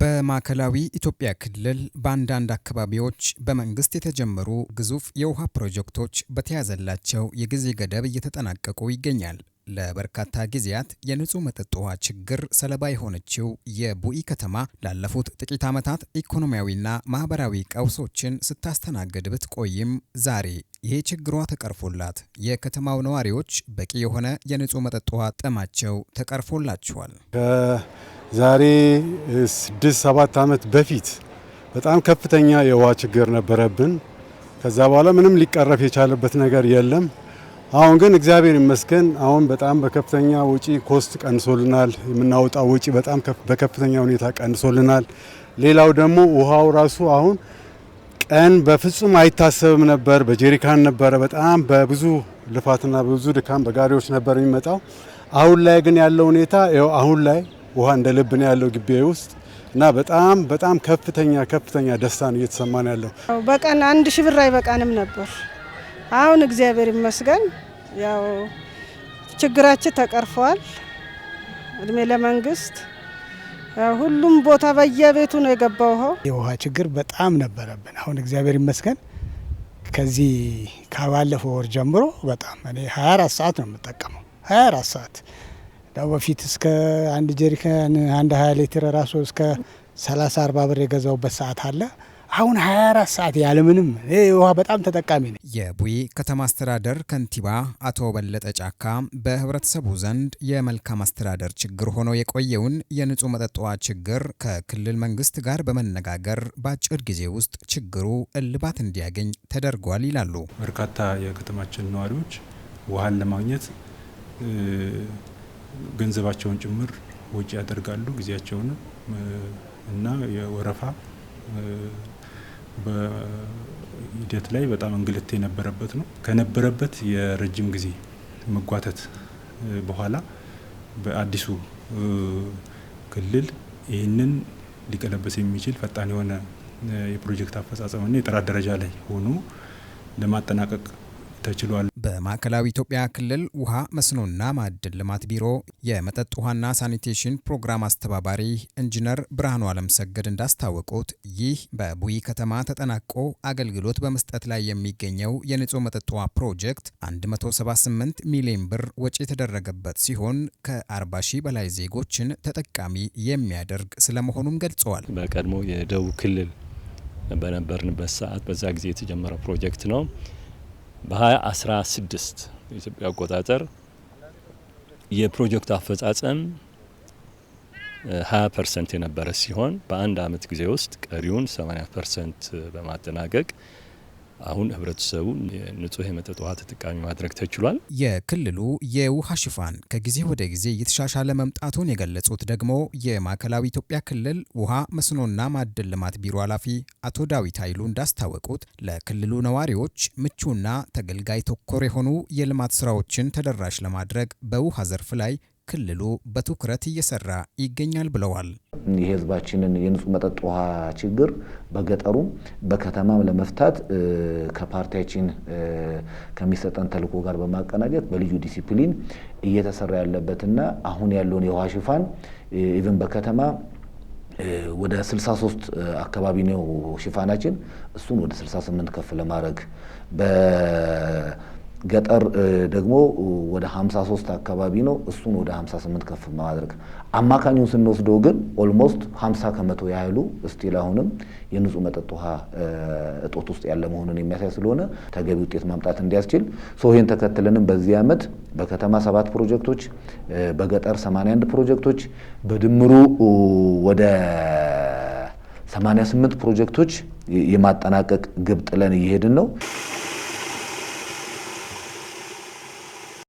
በማዕከላዊ ኢትዮጵያ ክልል በአንዳንድ አካባቢዎች በመንግስት የተጀመሩ ግዙፍ የውሃ ፕሮጀክቶች በተያዘላቸው የጊዜ ገደብ እየተጠናቀቁ ይገኛል። ለበርካታ ጊዜያት የንጹህ መጠጥ ውሃ ችግር ሰለባ የሆነችው የቡኢ ከተማ ላለፉት ጥቂት ዓመታት ኢኮኖሚያዊና ማህበራዊ ቀውሶችን ስታስተናግድ ብትቆይም ዛሬ ይሄ ችግሯ ተቀርፎላት የከተማው ነዋሪዎች በቂ የሆነ የንጹህ መጠጥ ውሃ ጥማቸው ተቀርፎላቸዋል። ከዛሬ ስድስት ሰባት ዓመት በፊት በጣም ከፍተኛ የውሃ ችግር ነበረብን። ከዛ በኋላ ምንም ሊቀረፍ የቻለበት ነገር የለም። አሁን ግን እግዚአብሔር ይመስገን አሁን በጣም በከፍተኛ ወጪ ኮስት ቀንሶልናል። የምናወጣው ወጪ በጣም በከፍተኛ ሁኔታ ቀንሶልናል። ሌላው ደግሞ ውሃው ራሱ አሁን ቀን በፍጹም አይታሰብም ነበር። በጀሪካን ነበረ፣ በጣም በብዙ ልፋትና በብዙ ድካም በጋሪዎች ነበር የሚመጣው። አሁን ላይ ግን ያለው ሁኔታ ይኸው አሁን ላይ ውሃ እንደ ልብ ነው ያለው ግቢ ውስጥ እና በጣም በጣም ከፍተኛ ከፍተኛ ደስታ ነው ነው ያለው። በቀን አንድ ሺህ ብር አይበቃንም ነበር። አሁን እግዚአብሔር ይመስገን ያው ችግራችን ተቀርፏል። እድሜ ለመንግስት። ሁሉም ቦታ በየቤቱ ነው የገባው ውሃው። የውሃ ችግር በጣም ነበረብን። አሁን እግዚአብሔር ይመስገን ከዚህ ካባለፈው ወር ጀምሮ በጣም እኔ 24 ሰዓት ነው የምጠቀመው 24 ሰዓት ያው በፊት እስከ አንድ ጀሪካን አንድ 20 ሊትር ራሱ እስከ 30 40 ብር የገዛውበት ሰዓት አለ። አሁን 24 ሰዓት ያለምንም ውሃ በጣም ተጠቃሚ ነው። የቡይ ከተማ አስተዳደር ከንቲባ አቶ በለጠ ጫካ በህብረተሰቡ ዘንድ የመልካም አስተዳደር ችግር ሆኖ የቆየውን የንጹህ መጠጥ ውሃ ችግር ከክልል መንግስት ጋር በመነጋገር በአጭር ጊዜ ውስጥ ችግሩ እልባት እንዲያገኝ ተደርጓል ይላሉ። በርካታ የከተማችን ነዋሪዎች ውሃን ለማግኘት ገንዘባቸውን ጭምር ውጭ ያደርጋሉ፣ ጊዜያቸውን እና የወረፋ በሂደት ላይ በጣም እንግልት የነበረበት ነው። ከነበረበት የረጅም ጊዜ መጓተት በኋላ በአዲሱ ክልል ይህንን ሊቀለበስ የሚችል ፈጣን የሆነ የፕሮጀክት አፈጻጸምና የጥራት ደረጃ ላይ ሆኖ ለማጠናቀቅ ተችሏል። በማዕከላዊ ኢትዮጵያ ክልል ውሃ መስኖና ማዕድን ልማት ቢሮ የመጠጥ ውሃና ሳኒቴሽን ፕሮግራም አስተባባሪ ኢንጂነር ብርሃኑ አለምሰገድ እንዳስታወቁት ይህ በቡይ ከተማ ተጠናቆ አገልግሎት በመስጠት ላይ የሚገኘው የንጹህ መጠጥ ውሃ ፕሮጀክት 178 ሚሊዮን ብር ወጪ የተደረገበት ሲሆን ከ40 ሺህ በላይ ዜጎችን ተጠቃሚ የሚያደርግ ስለመሆኑም ገልጸዋል። በቀድሞ የደቡብ ክልል በነበርንበት ሰዓት በዛ ጊዜ የተጀመረ ፕሮጀክት ነው። በ2016 የኢትዮጵያ አቆጣጠር የፕሮጀክት አፈጻጸም 20 ፐርሰንት የነበረ ሲሆን በአንድ አመት ጊዜ ውስጥ ቀሪውን 80 ፐርሰንት በማጠናቀቅ አሁን ህብረተሰቡን የንጹህ የመጠጥ ውሃ ተጠቃሚ ማድረግ ተችሏል። የክልሉ የውሃ ሽፋን ከጊዜ ወደ ጊዜ እየተሻሻለ መምጣቱን የገለጹት ደግሞ የማዕከላዊ ኢትዮጵያ ክልል ውሃ መስኖና ማዕድን ልማት ቢሮ ኃላፊ አቶ ዳዊት ኃይሉ እንዳስታወቁት ለክልሉ ነዋሪዎች ምቹና ተገልጋይ ተኮር የሆኑ የልማት ስራዎችን ተደራሽ ለማድረግ በውሃ ዘርፍ ላይ ክልሉ በትኩረት እየሰራ ይገኛል ብለዋል። የህዝባችንን የንጹህ መጠጥ ውሃ ችግር በገጠሩ በከተማም ለመፍታት ከፓርቲያችን ከሚሰጠን ተልእኮ ጋር በማቀናጀት በልዩ ዲሲፕሊን እየተሰራ ያለበትና አሁን ያለውን የውሃ ሽፋን ኢቨን በከተማ ወደ 63 አካባቢ ነው ሽፋናችን፣ እሱን ወደ 68 ከፍ ለማድረግ ገጠር ደግሞ ወደ 53 አካባቢ ነው። እሱን ወደ 58 ከፍ ማድረግ አማካኙን ስንወስደው ግን ኦልሞስት 50 ከመቶ ያህሉ እስቲል አሁንም የንጹህ መጠጥ ውሃ እጦት ውስጥ ያለ መሆኑን የሚያሳይ ስለሆነ ተገቢ ውጤት ማምጣት እንዲያስችል ሰው ይህን ተከትለንም በዚህ ዓመት በከተማ ሰባት ፕሮጀክቶች፣ በገጠር 81 ፕሮጀክቶች በድምሩ ወደ 88 ፕሮጀክቶች የማጠናቀቅ ግብ ጥለን እየሄድን ነው።